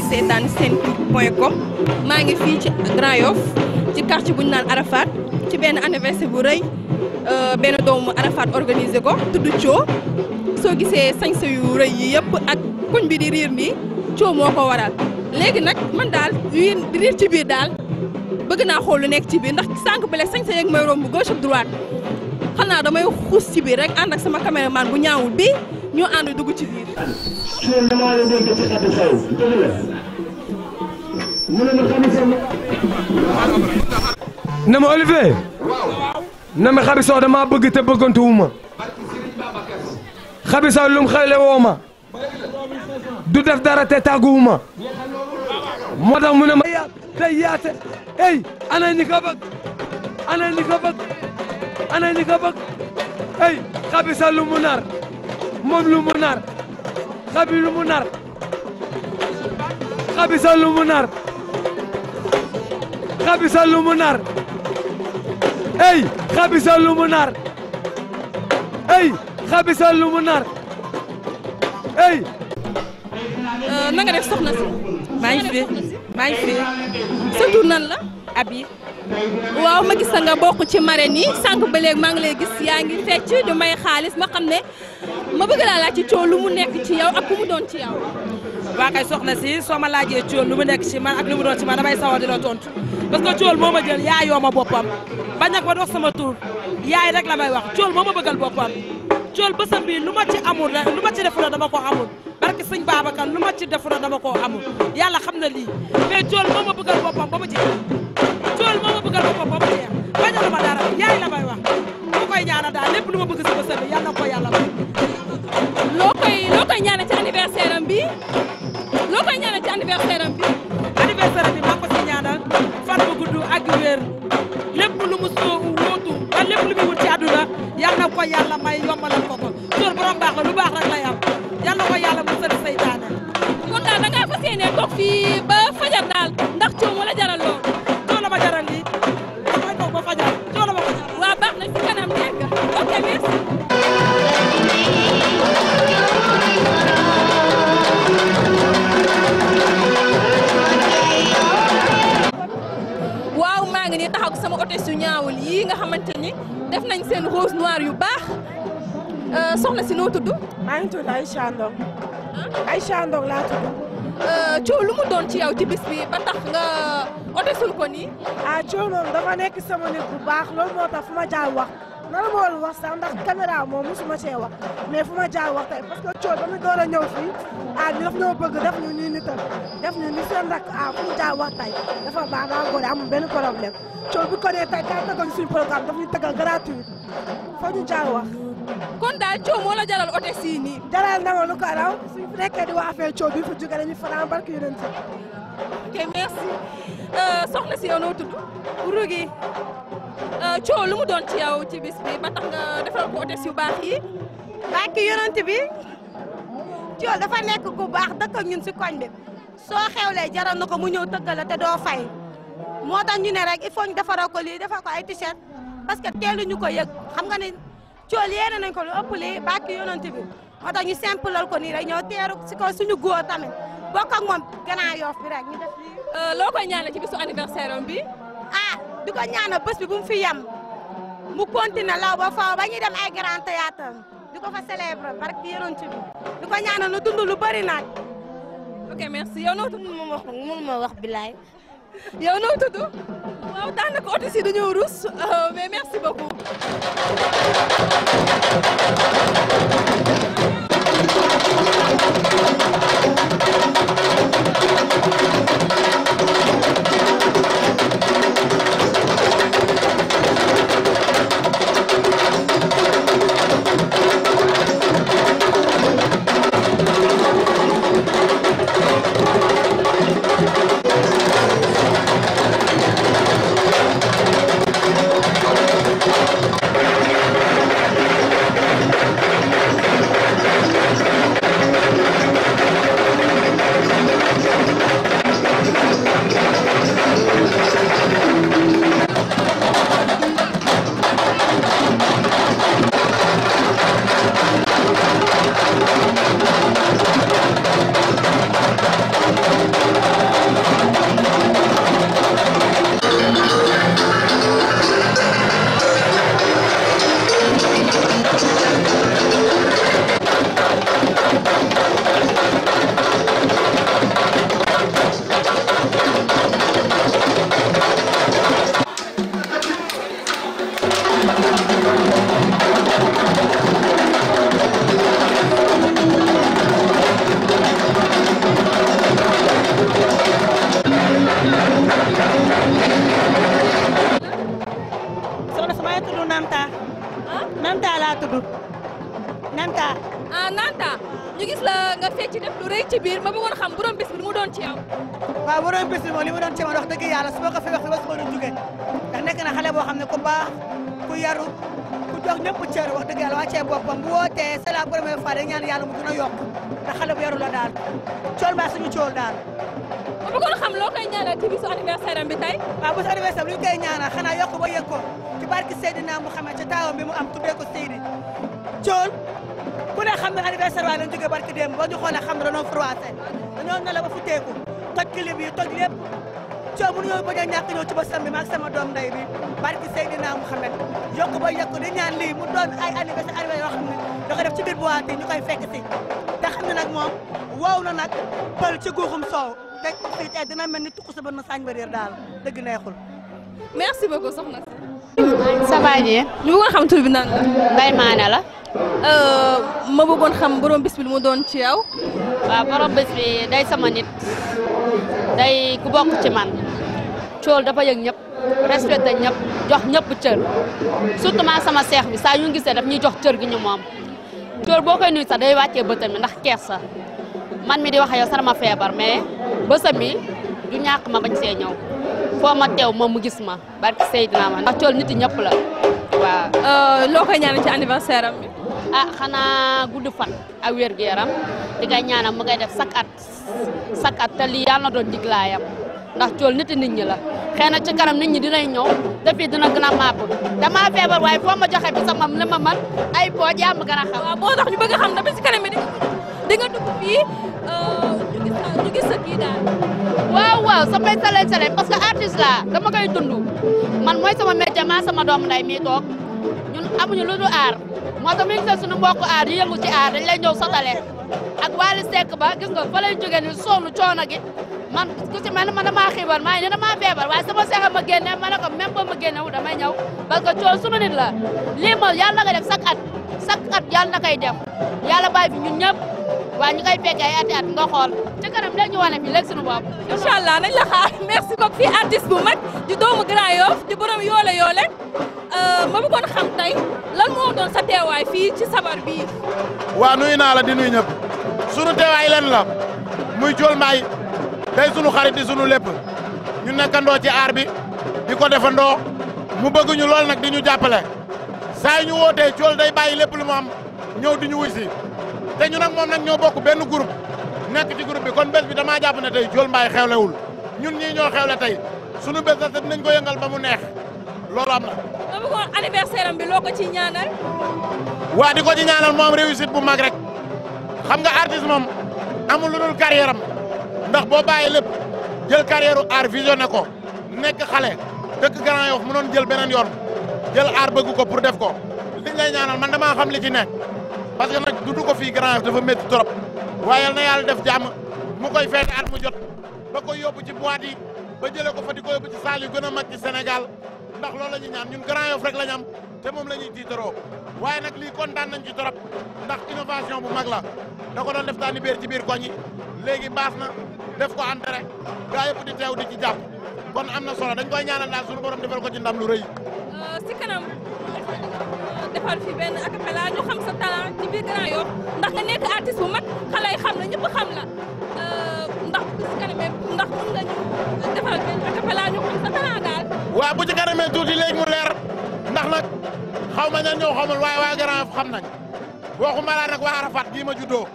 di seetaan senclic point com maa ngi fii ci Grand Yoff ci quartier bu ñu naan Arafat ci benn anniversaire bu rëy euh, benn doomu Arafat organisé ko tudd Thio soo gisee sañse yu rëy yi yëpp ak koñ bi di riir nii Thio moo ko waral léegi nag man daal riir ci biir daal bëgg naa xool lu nekk ci biir ndax sànq bale sañse yeeg may romb gauche ak droite xanaa damay xuus ci biir rek ànd ak sama caméraman bu ñaawul bi ñu ànd dugg ci biir. ne ma xam na ma Olivier. waaw. ma Xabi Sow bëgg te bëggantuwuma. Xabi Sow lum xëyle du def dara te tàgguwuma. moo tax mu ne ma yaat day yaate ey ana ñi ko bëgg ey Xabi Sow mu nar. moom lu mu nar xabi lu mu nar xabisa lu lu mu nar ey xabisa lu mu nar ey xabisa lu mu nar ey euh, na nga def soxna si maa ngi fi maa ngi fi sa tur abi waaw ma gis nga bokk ci marraine yi sànq ba léegi maa ngi lay gis yaa ngi fecc di may xaalis ma xam ne ma bëgg laa laaj ci coow lu mu nekk ci yow ak mu doon ci yow. waa kay soxna si soo ma laajee cóol lu mu nekk ci man ak lu mu doon ci man damay sawar di la tontu parce que cóol moo ma jël yaayoo ma boppam bañ nag ma dox sama tur yaay rek la may wax cóol moo ma bëggal boppam cool bësam bii lu ma ci amul lu ma ci defu na dama ko amul barke sëñ Babacar lu ma ci defu na dama koo amul yàlla xam na lii mais cool moo ma bëggal boppam ba ma jeex cool moo ma bëggal boppam ba ma jeex bañalu ma dara yaay la may wax koy ñaanal daal lépp lu ma bëgg si bësam bi yàlla na Aïcha ay Aïcha Ndong laa tudd. Thio euh, lu mu doon ci yow ci bis bi ba tax nga otesul ko nii. ah Thio moom dafa nekk sama nit bu baax loolu moo tax fu ma jaar wax nan ma war wax sax ndax caméra moom mosuma cee wax mais fu ma jaar wax tey parce que Thio ba mu door a ñëw fii ah daf ñoo bëgg def ñu ñuy nitam def ñu ni seen rak ah, fu mu jaar wax tey dafa baax daa góor amul benn problème Thio bu ko nee tey daa tëggal suñu programme daf ñu tëggal gratuit kon daal coow moo la jaral ote sii nii. jaral na lu ko raw suñu nekkee di wax coow bi fu jóge dañuy fanaan barki yu leen coow lu mu doon ci yow ci bis bi ba tax nga defal ko otes yu baax yi. barki yonent bi coow dafa nekk ku baax dëkk ñun si koñ bi soo xewlee jaral na ko mu ñëw tëggal la te doo fay moo tax ne rek il faut ñu defaroo ko lii defal ko ay t parce que teelu ñu ko yëg xam nga ne. cool yéene nañ ko lu ëpp lii bàkki yonent bi moo tax ñu simplal ko nii rek ñëw teeru si kaw suñu góor tamit bokk ak moom Grand bi rek ñu def lii. Euh, loo koy ñaanal ci bisu anniversaire am bi. ah di ko bu mu fi yem mu continuer law ba faaw ba ñuy dem ay grand théâtre di ko fa célébrer barke yonent bi di ko ñaanal nu dund lu bëri naaj. ok merci waaw daanaka oto si dañoo rus euh, mais merci beaucoup. Thank wàccee boppam bu wootee c'est la première fois dañu ñaan yàlla mu gën a yokk te xale bu yaru la daal cool maa suñu cool daal. bu ko xam loo koy ñaanal ci bisu anniversaire am bi tey. waaw bisu anniversaire bi lu ñu koy ñaanal xanaa yokk ba barki Seydina Mouhamed mu am tuddee ko Seydi cool ku ne xam ne anniversaire waaye barki démb boo ñu xoolee xam ne dañoo froissé dañoo ne la ba futteeku toj yi toj coow mënuñoo bañ a ñàkk ñëw ci ba samedi maag sama doom nday bi barki Seydina Mouhamed yokku ba yokku di ñaan lii mu doon ay anniversaire arrivé yoo xam ne da ci biir boîte yi ñu koy fekk si te xam ne nag moom wow na nag pël ci guuxum soow te fii tey dina ni tuqu sa bën ma saañ ba réer daal dëgg neexul merci beaucoup soxna si ça ñu bëggoon xam tur bi nan la la euh, ma bëggoon xam borom bis bi lu mu doon ci yow waaw borom bis bi day sama nit day ku bokk ci man cool dafa yëg ñëpp respecté ñëpp jox ñëpp cër surtout man sama seex bi saa yu ñu gisee daf ñuy jox cër gi ñu moom cool boo koy nuyu sax day wàccee bëtam mi ndax kersa man mi di wax yow sax ma feebar mais bësam mi du ñàkk ma bañ see ñëw foo ma teew moom mu gis ma barki Seydina ma ndax cool nit ñëpp la waaw. Euh, loo koy ñaanal ci anniversaire am ah xanaa gudd fan ak wér gu yaram di nga ñaanal mu ngay def chaque at chaque at te lii yàlla na doon jiglaayam ndax cool ni nit ñi la xëy na ci kanam nit ñi dinañ ñëw depuis dina gën a màbb damaa feebar waaye foo ma joxe bi sama li ma man ay boo jàmm gën a xam. waaw boo tax ñu bëgg a xam di nga dugg fii euh, ñu gis waaw waaw samay sale sale parce que artiste la dama koy dund man mooy sama métier maa sama doomu nday mi toog ñun amuñu lu aar moo tax mi ngi sunu mbokku aar yi yëngu ci aar dañ lay ñëw sotale ak Wally Seck ba gis fa lay jógee ni sonn coono man ku ci mel man damaa xiibar maa ngi ne damaa feebar waaye sama seexa ma génne ma ne ko même ba ma génnewu damay ñëw parce que coow suma nit la lii moom yàlla na koy def chaque at chaque at yàlla na koy def yàlla bàyyi fi ñun ñëpp waaye ñu koy fekkee ay ati at nga xool ci kanam léegi ñu wane fi léegi suñu bopp incha allah nañ xaar merci beaucoup fii artiste bu mag doomu Grand Yoff di borom yoole yoole euh, ma bëggoon xam tey lan moo doon sa teewaay fii ci sabar bii waa nuyu naa la day sunu xarit di sunu lépp ñu nekkandoo ci aar bi di ko defandoo mu bëgg ñu lool nag di ñu jàppale saa ñu wootee cool day bàyyi lépp lu mu am ñëw di ñu wuy si te ñu nag moom nag ñëw bokk benn groupe nekk ci groupe bi kon bés bi damaa jàpp ne tey cool mbaay xewlewul ñun ñii ñoo xewle tey sunu bés la te dinañ ko yëngal ba mu neex loolu am na. dama ko anniversaire bi loo ci ñaanal. waa di ko ci ñaanal moom réussite bu mag rek xam nga artiste moom amul lu dul carrière ndax boo bàyyi lépp jël carrière aar visionné ko nekk xale dëkk Grand Yoff mu doon jël beneen yoon jël aar bëgg ko pour def ko liñ lay ñaanal man damaa xam li ci nekk parce que nag dund ko fii Grand Yoff dafa métti trop waaye yal na yàlla def jàmm mu koy feete at mu jot ba koy yóbbu ci boîte yi ba jëlee ko fa di ko yóbbu ci salle gën a mag ci Sénégal ndax lool la ñuy ñaan ñun Grand rek la ñu te moom la ñuy tiitaroo waaye nag lii kontaan nañ ci torop ndax innovation bu mag la da ko doon def daani béer ci biir koñ yi léegi baas na def ko entrée gaa yëpp di teew di ci jàpp kon am na solo dañ koy ñaanal daal suñu borom defal ko ci lu rëy. Euh, si kanam defal fi benn acapella ñu xam sa talent ci biir Grand ndax nga nekk artiste bu mag xale xam la ñëpp xam la euh, ndax si kanamee ndax mun nga defal benn acapella ñu xam sa talent daal. waaw tax nag xaw ma ñan ñoo xamul waaye waa Grand xam nañ waxuma laa nag waa Arafat gii ma juddoo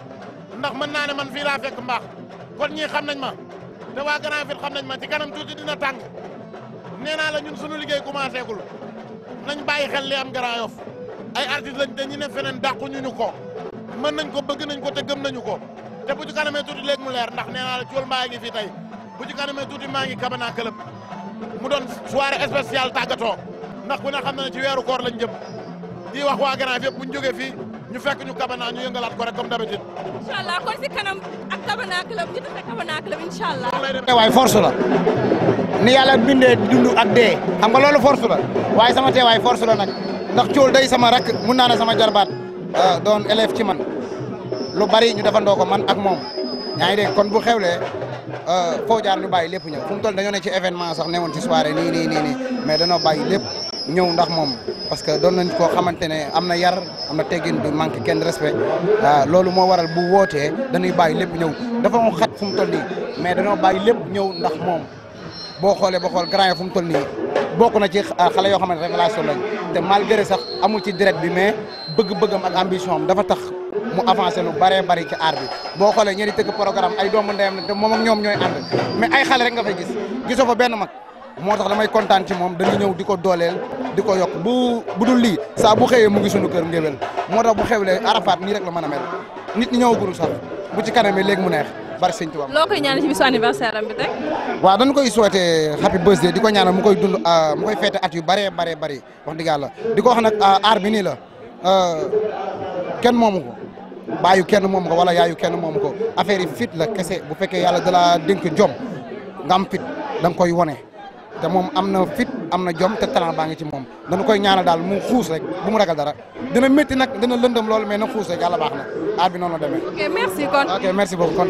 ndax mën naa ne man fii laa fekk mbaax kon ñii xam nañ ma te waa Grand Yoff xam nañ ma ci kanam tuuti dina tàng nee naa la ñun suñu liggéey commencé gul nañ bàyyi xel li am Grand ay artistes lañ dañu ne feneen dàqu ñu ko mën nañ ko bëgg nañ ko te gëm nañu ko te bu ci kanamee tuuti léegi mu leer ndax nee naa la cool mbaa ngi fii tey bu ci kanamee tuuti maa ngi Kabana Club mu doon soirée spéciale tàggatoo ndax ku ne xam na ne ci weeru koor lañ jëm di wax waa Grand bu ñu jógee fi ñu fekk ñu Kabana ñu yëngalaat ko rek comme d'habitude. incha allah kon si kanam ak Kabana club ñu tase Kabana club incha allah. force la ni yàlla bindee dund ak dee xam nga loolu force la waaye sama teewaay force la nag ndax cool day sama rak mun naa ne sama jarbaat euh, doon élève ci man lu bari ñu defandoo ko man ak moom yaa ngi dégg kon bu xewlee euh, foo jaar ñu bàyyi lépp ñëw ci événement sax newoon ci soirée nii nii nii bàyyi lépp. ñëw ndax moom parce que doon nañ koo xamante ne am na yar am na teggin du manque kenn respect ah, loolu moo waral bu wootee dañuy bàyyi lépp ñëw dafa mu xat fu mu toll nii mais dañoo bàyyi lépp ñëw ndax moom boo xoolee boo xool grand yi mu toll nii bokk na ci xale yoo xam ne révélation lañ te malgré sax amul ci direct bi mais bëgg-bëggam ak ambition am dafa tax mu avancé lu bëree bëri ci aar bi boo xoolee ñenn tëgg programme ay doomu ndeyam te moom ñoom ñooy ànd mais ay xale rek nga fay gis gisoo fa benn mag. moo tax damay kontaan ci moom dañu ñëw di ko dooleel di ko yokk bu bu dul lii saa bu xëyee mu ngi sunu kër ngéwél moo tax bu xewlee Arafat nii rek la man a mel nit ñi ñëwagul sax bu ci kanamee léegi mu neex bari sëñ Tuubaa. loo koy ñaanal ci bisu waaw dañ koy souhaité happy di ko ñaanal mu koy dund ah, mu koy feete at yu bëree bëree bëri wax dëgg yàlla di ko wax nag ah, aar bi nii la ah, kenn moom ko baayu kenn moom ko wala yaayu kenn moomu ko affaire yi fit la kese bu fekkee yàlla da laa dénk jom nga am fit da koy wone te moom am na fit am na jom te talent baa ngi ci moom dañu koy ñaana daal mu xuus rek bu mu ragal dara dina métti nag dina lëndëm loolu mais na xuus rek yàlla na aar bi noonu la demee. ok merci kon ok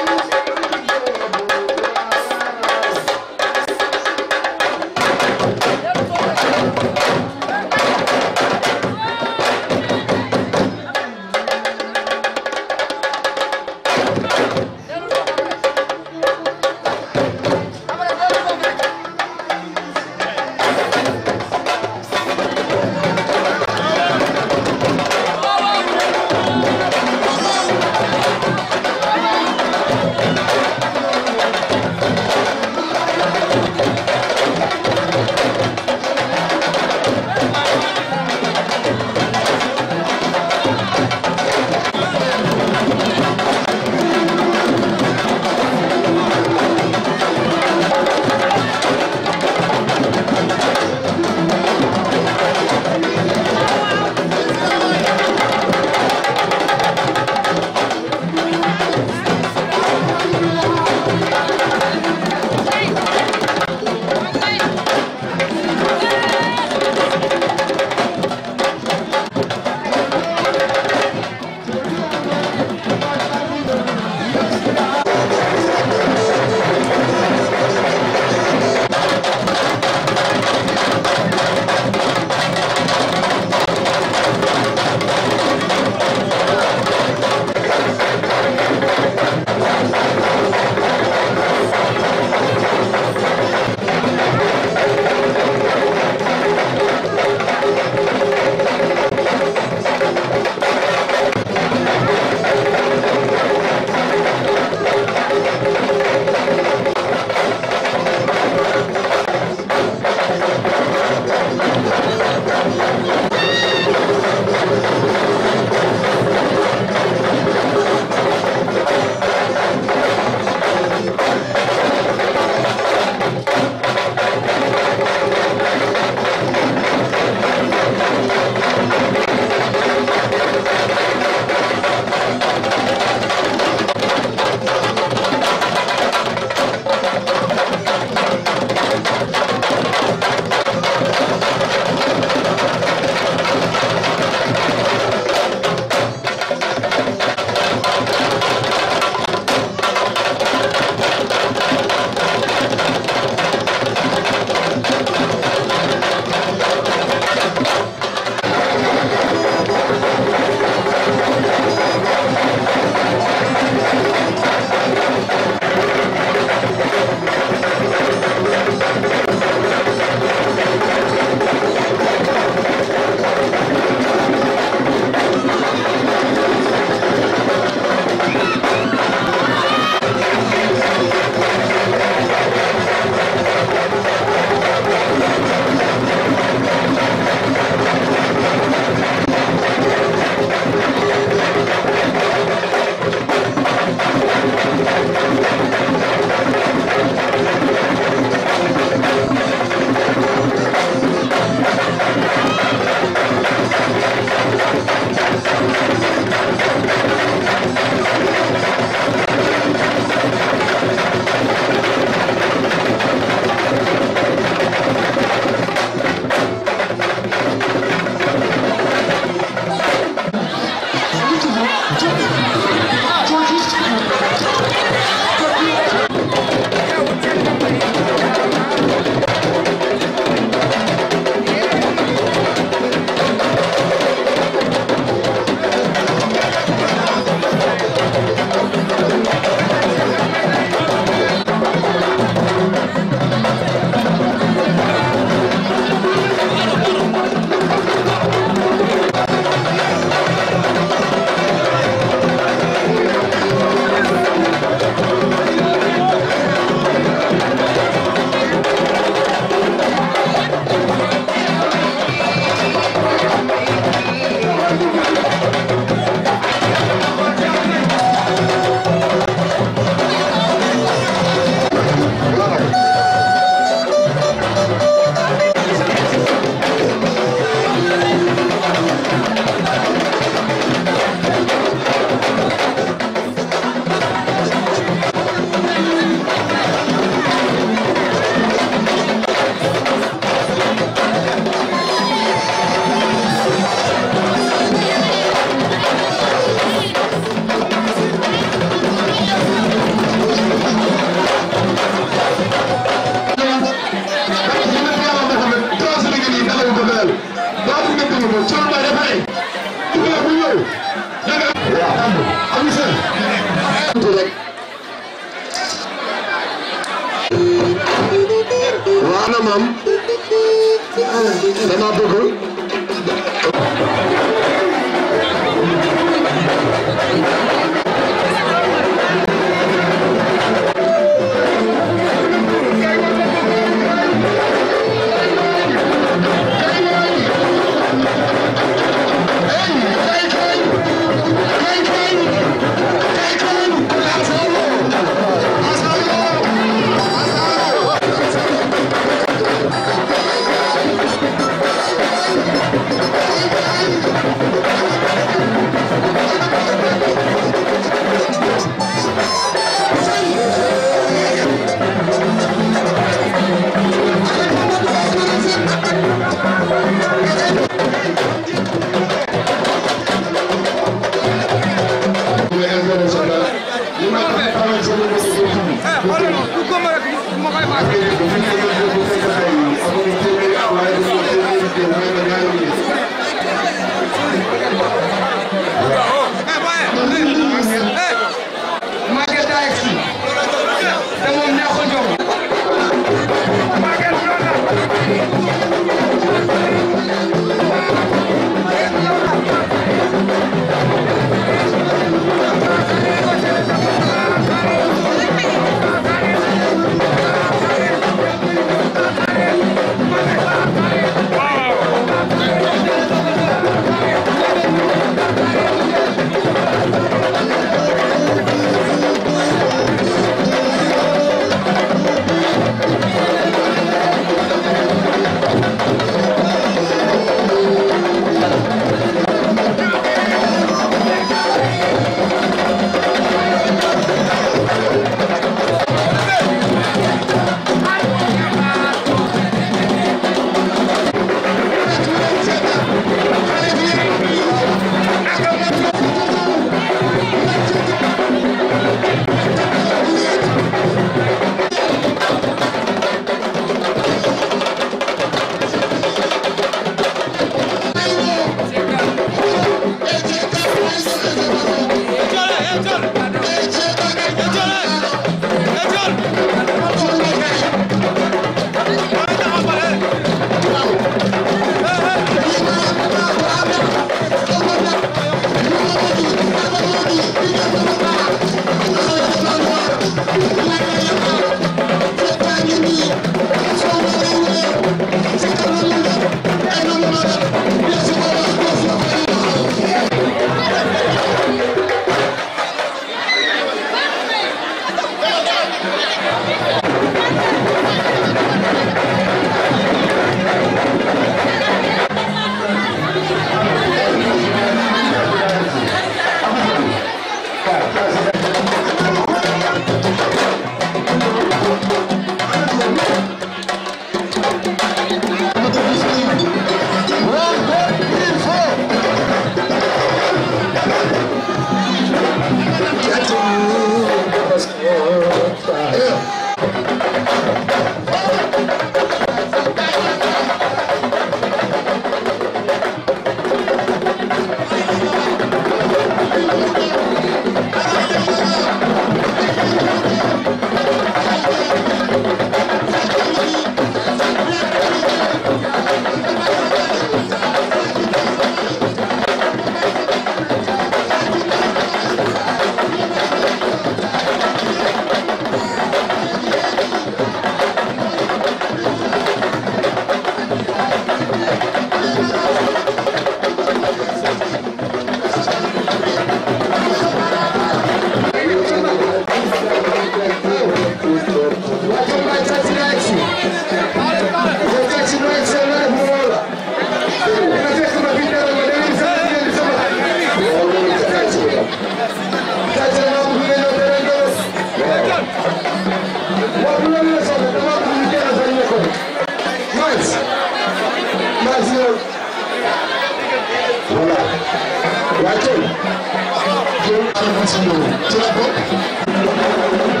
ci la bokk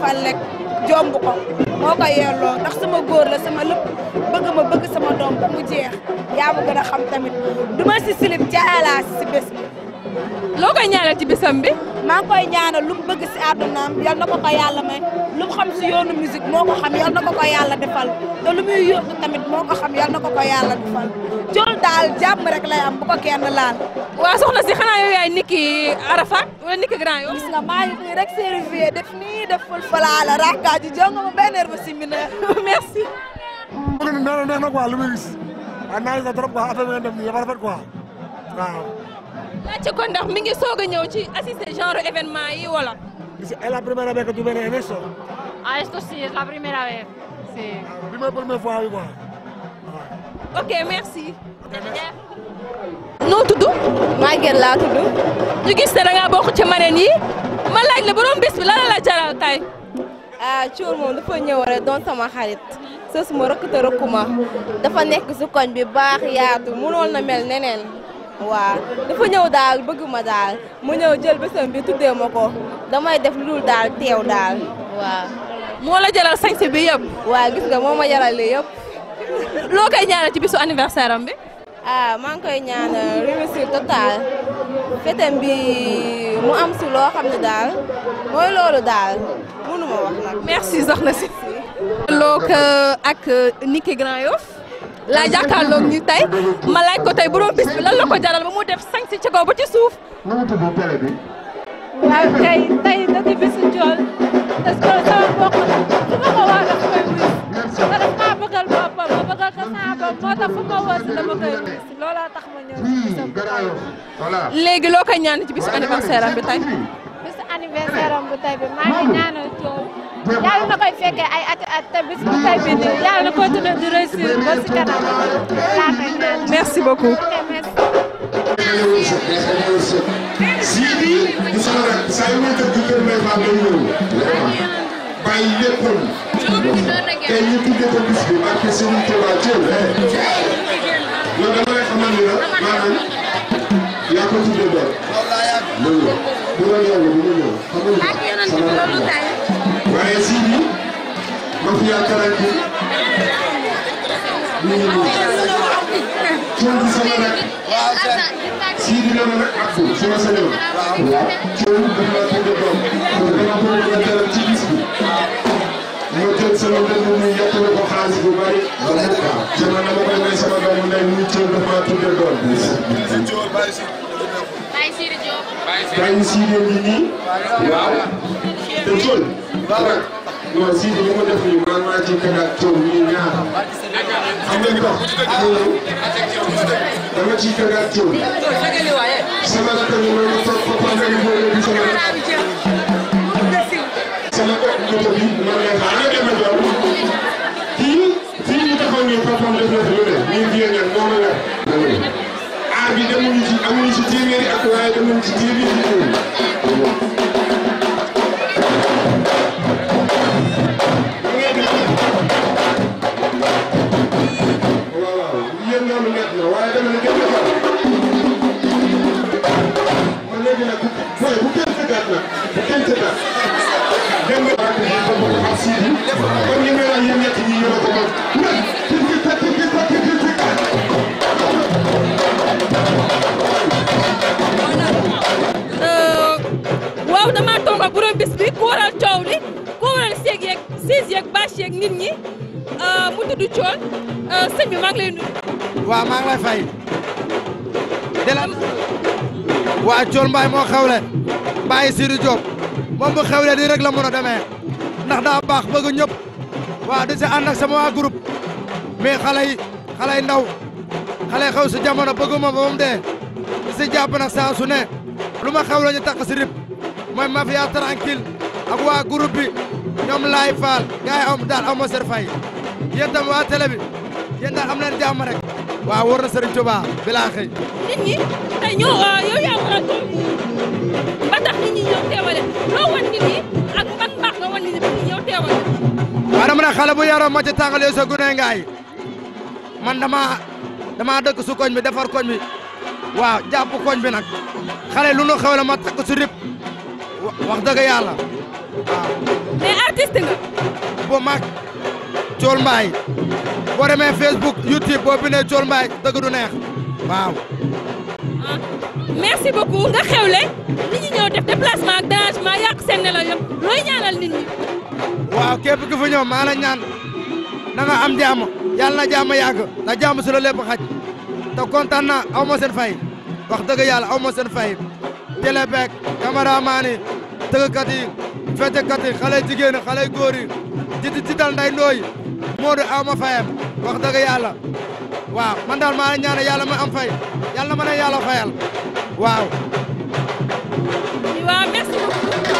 defal rek jomb moo ko yelloo ndax sama góor la sama lépp bëgg ma bëgg sama doom bu mu jeex yaa ma gën a xam tamit du si silib jaalaa si bés loo koy ñaanal ci bisam bi maa ngi koy ñaanal lu mu bëgg si yal na ko ko yàlla may lu xam si yoonu musique moo ko xam yal na ko ko yàlla defal te lu muy tamit moo ko xam yal na ko ko yàlla defal Diol daal jàmm rek lay am bu ko laal waa soxna si xanaa yow Niki Arafat wala Niki Grand yow def ful falaala rakkaaji jongo ma benn heure ba si mbina merci nee na neex na quoi lu muy gis waaye trop quoi affaire bi ngeen ndax mi ngi soog a ñëw ci assister genre événement yi wala es la primera ah, vez que tú vienes en esto ah esto sí la primera vez sí primera première fois yi quoi ok merci noo tudd Maguette laa tudd ñu ne da ma laaj la borom bis bi la la jaral tey. ah Thiour moom dafa ñëw rek doon sama xarit sës ma rëkk te rëkkuma dafa nekk si koñ bi baax yaatu mënoon na mel neneen waaw dafa ñëw daal bëgg ma daal mu ñëw jël bésam bi tuddee ma ko damay def lu dul daal teew daal waaw. moo la jaral sañse bi yëpp. waa gis nga moo ma jaral lii yëpp. loo koy ñaanal ci bisu anniversaire bi. ah maa ngi koy ñaan euh, réussite totale fetem bi mu am si loo xam ne daal mooy loolu daal mënu wax nag. merci soxna si. look euh, ak euh, Niki Grand Yoff laa jàkkaarloog ñu tey ma laaj ko tey borom bis bi lan la ko jaral ba mu def sañ si ci kaw ba ci suuf. waaw kay tey dëkk bisu Thione te sama mbokk bëggal si dama koy wis loolaa si hmm, léegi loo koy ñaan ci bisu anniversaire bi tey. bisu bu tey bi maa ngi ñaanal coow yàlla na koy fekkee ay at bu tey bi nii hmm. yàlla na continuer di réussir ba merci beaucoup. tey ñu tuddee ko bis bi barke Serigne Touba Thiel. loolu dama lay xamal ni la maanaam yaa ko tuddee doon. loolu la bu doon yow la bu doon yow xamal ni waaye sii bi ma fi yaakaar ak ñu ngi nii. coono sama nag. sii bi dama nag ak su ma sañoon. waaw coono dafa laa tuddee doom. loolu nag moom mooy yàq na ko xaalis bu bari. loolu nag waaw jamono dama koy may sama doomu ndey mu cër dafa maa tuddee doon. bàyyi Sidy ngi nii. waaw. te Thion. non Sidy li mu def nii man maa ci kër ak Thion ñuy ñaar. xam nga li tax. dama ci kër ak Thion. sama rakk bi ma ngi toog papa nga ni sama rakk. sama kër moto bi ma lay xaar. def na fi lu ne ñuy génne noonu la. aar bi demuñu ci amuñu ci téeméeri ak waaye demuñu ci téeméeri yi kon ñu ngi lay yëngati ñu yëngatu ko. Euh, waaw damaa toog ak borom bis bi ku waral coow li ku waral seeg yeeg siis yeeg bâche nit ñi euh, mu tudd Thione euh, sëñ bi maa lay nuyu. waaw maa lay fay. delam waa Thione Mbaye moo xewle bàyyi Sidy Diop moom bu xewle di rek la mën a demee ndax daa baax bëgg ñëpp waaw di si ànd sama waa groupe mais xale yi ndaw. xale xew si jamono bëgguma ko moom dee di si jàpp nag saa su ne lu ma xew la ñu takk si rib mooy mafia tranquille waa groupe ñoom laay faal gars yi am daal aw ma ser fay yéen waa télé bi yéen daal am leen jàmm rek waaw na Serigne Touba bilaa xëy nit yaa war a toog ba tax nit teewale loo wan nit ñi ak ban baax nga wan nit ñi ñëw teewale waaw dama ne xale bu yaroo ma ci tàngal yooyu ngaay man dama dama dëkk su bi defar koñ bi waaw jàpp koñ bi nag xale lu nu xew la ma takk si wax dëgg yàlla waaw. mais nga. bu mag Thiol Mbaye boo demee Facebook YouTube boo bindee Thiol Mbaye dëgg du neex waaw. Ah, merci beaucoup nga xewle nit ñi ñëw def déplacement ak dérangement yàq seen nelaw yëpp looy ñaanal nit ñi. waaw képp fu ñëw maa la ñaan na nga am yàlla na jàmm yàgg na jàmm su la lépp xaj te kontaan na aw ma fay wax dëgg yàlla aw fay télé beeg cameraman yi tëggkat yi feccekat yi xale jigéen yi xale góor yi nday ndooy moo di aw wax dëgg yàlla waaw man daal maa ngi ñaan ma am fay yàlla ma ne yàlla fayal waaw. waaw merci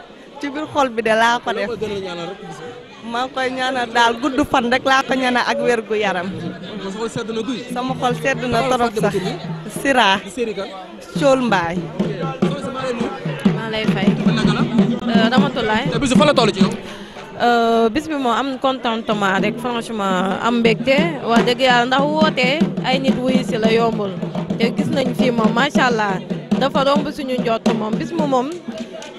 biir xol bi de laa ko def maa ngi koy ñaanal daal gudd fan rek laa ko ñaanal ak wér gu yaram. sama xol sedd na torop sax Sira Cool Mbaay. maa lay fay. Ramatulaay. bis bi la toll ci euh, moom am contentement rek franchement am mbégte wax dëgg yàlla ndax wootee ay nit wuyu si la yombul te gis nañ fii moom macha allah dafa romb suñu njott moom bis mu moom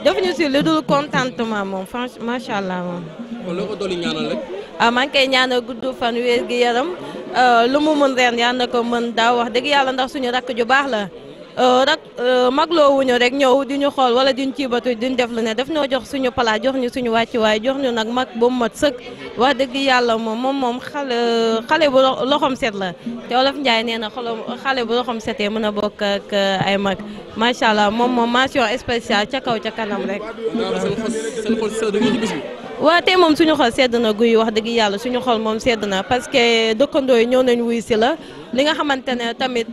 defuñu si lu dul contentement moom franchement macha allah moom. kon loo ko dolli ñaanal rek. Ah, maa ngi koy ñaanal gudd fan wér gi yaram ah, lu mu mën reen yàlla na ko mën daaw wax dëgg yàlla ndax suñu rakk ju baax la. Ah, wu euh, magloowuñu rek ñëw di ñu xool wala di ñu ciibatu di def lu ne daf ñoo jox suñu palaa jox ñu suñu wàccuwaay jox ñu nag mag ba mu mat sëkk wax dëgg yàlla moom moom moom xale xale bu loxom set la te Olof Njaay nee na xolo xale bu loxom setee mën a bokk euh, ay mag macha allah moom moom mention spéciale ca kaw ca kanam rek. waa tey moom suñu xol sedd na guy wax dëgg yàlla suñu xool moom sedd na parce que dëkkandoo yi ñëw nañu wuy si la li nga xamante ne tamit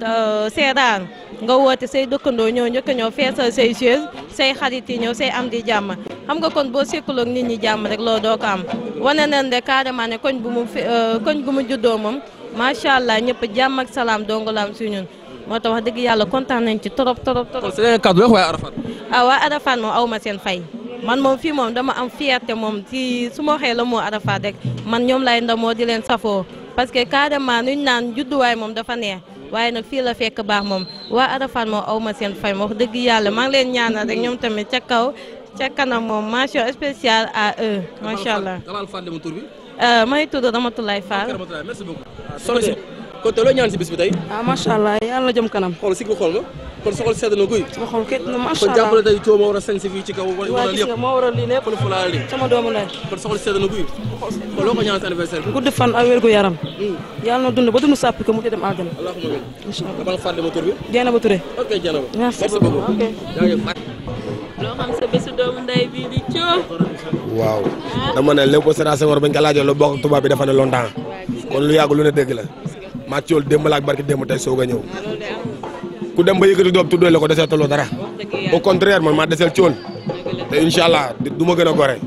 c'est euh, rare nga woote say dëkkandoo ñëw njëkk a ñoo feesal say chaise say xarit yi ñëw say am di jàmm xam nga kon boo sékkuloo nit ñi jàmm rek loo doo ko am wane nañ de carrément ne koñ bu mu euh, koñ bu mu juddoo moom macha allah ñëpp jàmm ak salaam dongo la am si ñun moo tax wax dëgg yàlla kontaan nañ ci trop trop trop. kon seen ah, aw ma seen fay. man moom fii moom dama am fierté moom ci su ma waxee la moo Arafat rek man ñoom lay ndamoo di leen safoo parce que carrément nuñ naan judduwaay moom dafa neex waaye nag fii la fekk baax moom waa Arafat moom aw ma seen fay wax dëgg yàlla maa ngi leen ñaanal ñoom tamit ca kaw ca kanam moom mention spéciale à eux macha allah. Euh, may tudd Ramatoulaye Fall. merci beaucoup. soxna si kon te loo ñaan si bis bi tey. ah macha allah yàlla jëm kanam. xool si xool ma. kon soxol sedd na guy. sama xol kay macha allah kon jàppale tey coow ma war a sañ si fii ci kaw. wala lépp moo waral lii lépp. sama doomu ndey. kon soxol sedd na guy. kon loo ko ñaan sa anniversaire bi. gudd fan ak wér gu yaram. Hmm. yàlla na dund ba dund sàppi ko mu ci dem àggale. allahumma amiin incha allah damaa fàtte ma tur bi. Dieynaba Touré. ok Dieynaba. merci beaucoup ok loo xam sa bésu doomu ndey bii di coow. waaw ah. dama ne Léopold Sédar Senghor bañ ko laajoon lu bokk tubaab bi dafa ne longtemps kon lu yàgg lu ne dëgg la maa ci yool démb la ak barki démb tey soog a ñëw ah, ku dem ba yëkkati doom tuddee la ko deseetaloo dara au contraire man maa deseel cool te incha du ma gën a gore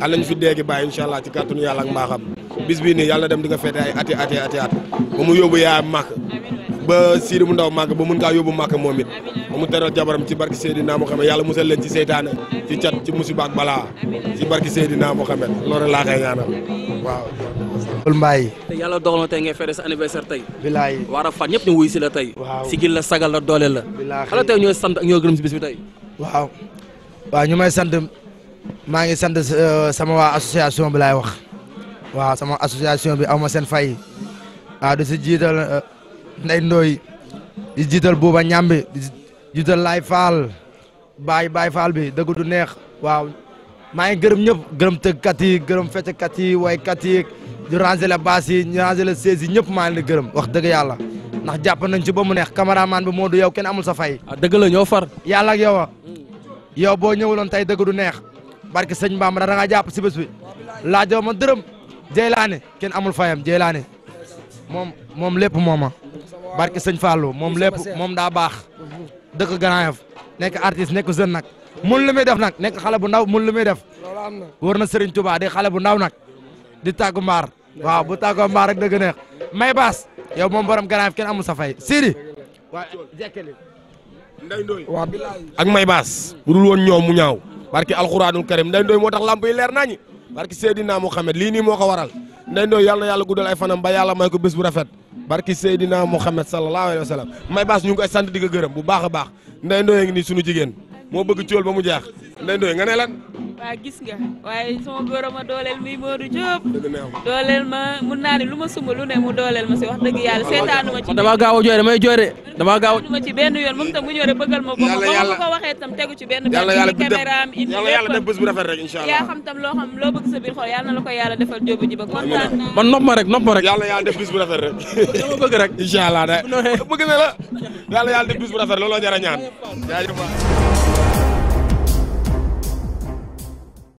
yàlla ñu fi dee gi bàyyi incha allah ci kàttanu yàlla ak mbaaxam bis bii nii yàlla dem di nga feete ay ati ati ati at ba mu yóbbu yaayam màkk ba Sidi mu ndaw màgg ba mun kaa yóbbu màgg moom it ba mu teral jabaram ci barki Seydina Mohamed yàlla musal leen ci seytaane ci cat ci musiba ak balaa ci barki Seydina Mohamed loolu laa koy ñaanal waaw. Paul Mbaye. yàlla dogal na tey ngay sa anniversaire tey. bilaay war a fan ñëpp ñu wuy si la tey. waaw sigil la sagal la dooleel la. bilaay xala tey ñooy sant ak ñoo gërëm si bis tey. waaw waaw ñu may sant maa ngi sant euh, sama waa association bi laay wax waaw sama association bi aw ma seen Ndeye ndoy di jiital Bouba Ñambi di Lay Fall baay baay Fall bi dëgg du neex waaw maa ngi gërëm ñëp gërëm tëggkat yi gërëm fecckat yi waykat yi ñu ranger la baas yi ñu ranger la sées yi ñëpp maa ngi leen gërëm wax dëgg yàlla ndax jàpp nañ ci ba mu neex caméraman bi moo du yow kenn amul sa fay. ah dëgg la ñoo far. yàlla ak yow a yow boo ñëwuloon tey dëgg du neex barke sëñ Bamba da ngaa jàpp si bés bi laajoo ma dërëm Jeylaane kenn amul fayam Jeylaane moom moom lépp mooma barke sëñ Fallou moom lépp moom daa baax dëkk Grand nekk artiste nekk jeune nag mun lu muy def nag nekk xale bu ndaw mun lu muy def wër na Serigne tubaa di xale bu ndaw nag di tàggu mbaar waaw bu tàggoo mbaar rek dëgg neex may baas yow moom borom Grand Yoff kenn sa fay Sidi waa jekkeli Ndeye Ndoye ak may baas bu dul ñoom mu ñaaw barke alxuraanul karim Ndeye Ndoye moo tax lamp yi leer barki Seydina Mouhamed lii nii moo ko waral Ndeye Ndoye yàlla na yàlla guddal ay fanam ba yàlla may ko bés bu rafet barki Seydina Mouhamed sallallahu alayhi wa sallam may baas ñu ngi koy sant di ko gërëm bu baax a baax Ndeye Ndoye ngi nii suñu jigéen moo bëgg cool ba mu jaax nday ndoy nga ne lan waaw gis nga waaye sama borom a dooleel muy Modou Diop dooleel ma mun naa lu ma sumb lu ne mu dooleel ma si wax dëgg yàlla seetaanu ma ci damaa gaaw a jooy damay jooy de damaa gaaw ma benn yoon moom tam mu ñëw rek bëggal ma boppam ma ko benn benn caméra am indi yàlla def bés bu rafet rek incha la ko yàlla defal Diop ji ba kontaan naa man ma rek nopp ma rek yàlla yàlla def bés bu rafet rek dama bëgg na la yàlla yàlla def bés bu rafet looloo jar ñaan